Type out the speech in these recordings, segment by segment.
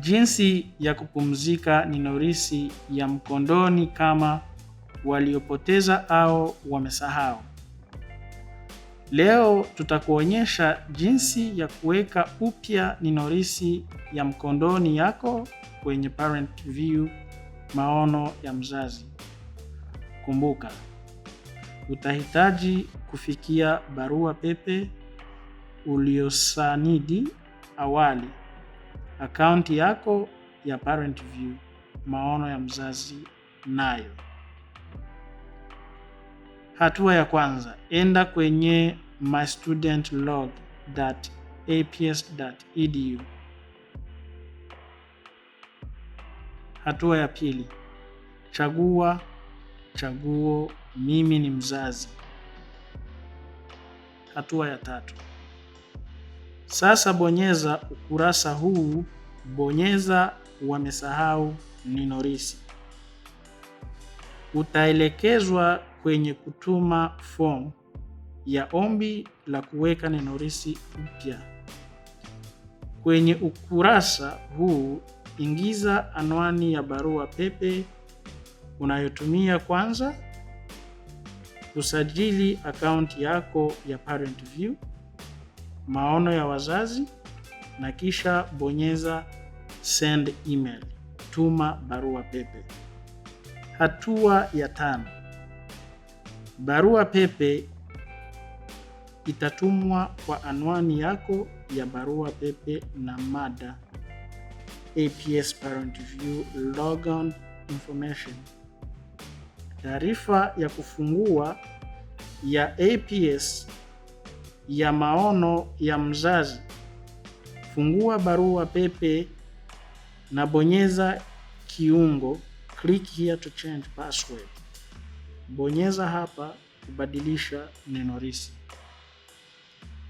Jinsi ya kupumzika ni norisi ya mkondoni kama waliopoteza au wamesahau. Leo tutakuonyesha jinsi ya kuweka upya ninorisi ya mkondoni yako kwenye Parent View maono ya mzazi. Kumbuka, utahitaji kufikia barua pepe uliosanidi awali akaunti yako ya Parent View maono ya mzazi nayo. Hatua ya kwanza, enda kwenye my student log aps.edu. Hatua ya pili, chagua chaguo mimi ni mzazi. Hatua ya tatu, sasa bonyeza ukurasa huu bonyeza wamesahau ninorisi. Utaelekezwa kwenye kutuma fomu ya ombi la kuweka risi upya. Kwenye ukurasa huu ingiza anwani ya barua pepe unayotumia kwanza kusajili akaunti yako ya ParentVue, maono ya wazazi na kisha bonyeza send email, tuma barua pepe. Hatua ya tano, barua pepe itatumwa kwa anwani yako ya barua pepe na mada APS Parent View logon information. Taarifa ya kufungua ya APS ya maono ya mzazi fungua barua pepe na bonyeza kiungo click here to change password. Bonyeza hapa kubadilisha nenorisi.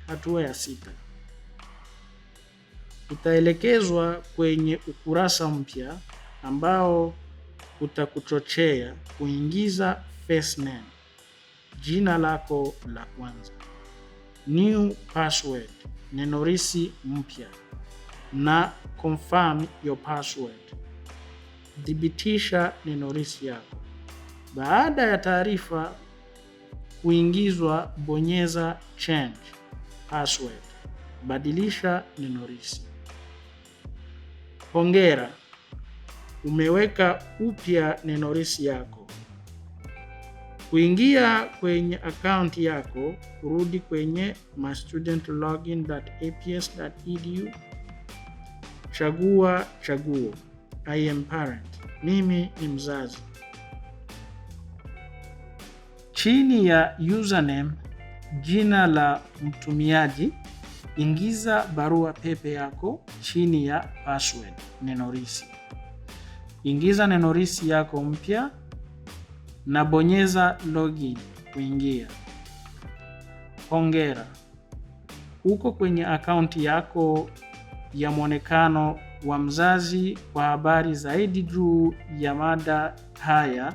Hatua ya sita, utaelekezwa kwenye ukurasa mpya ambao utakuchochea kuingiza first name, jina lako la kwanza new password, nenorisi mpya na confirm your password, thibitisha nenorisi yako. Baada ya taarifa kuingizwa, bonyeza change password, badilisha nenorisi. Hongera, umeweka upya nenorisi yako kuingia kwenye akaunti yako, kurudi kwenye mystudentlogin.aps.edu, chagua chaguo I am parent, mimi ni mzazi. Chini ya username, jina la mtumiaji, ingiza barua pepe yako chini ya password, nenorisi. Ingiza nenorisi yako mpya Nabonyeza login kuingia. Hongera, uko kwenye akaunti yako ya mwonekano wa mzazi. Kwa habari zaidi juu ya mada haya,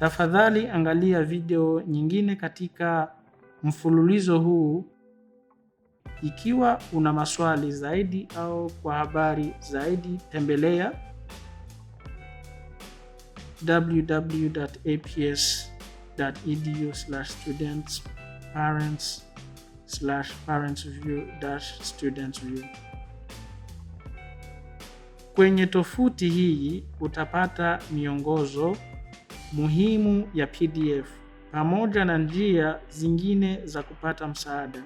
tafadhali angalia video nyingine katika mfululizo huu. Ikiwa una maswali zaidi au kwa habari zaidi, tembelea www.aps.edu/students slash parents slash parents view dash students view. Kwenye tofuti hii utapata miongozo muhimu ya PDF pamoja na njia zingine za kupata msaada.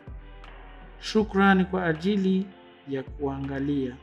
Shukrani kwa ajili ya kuangalia.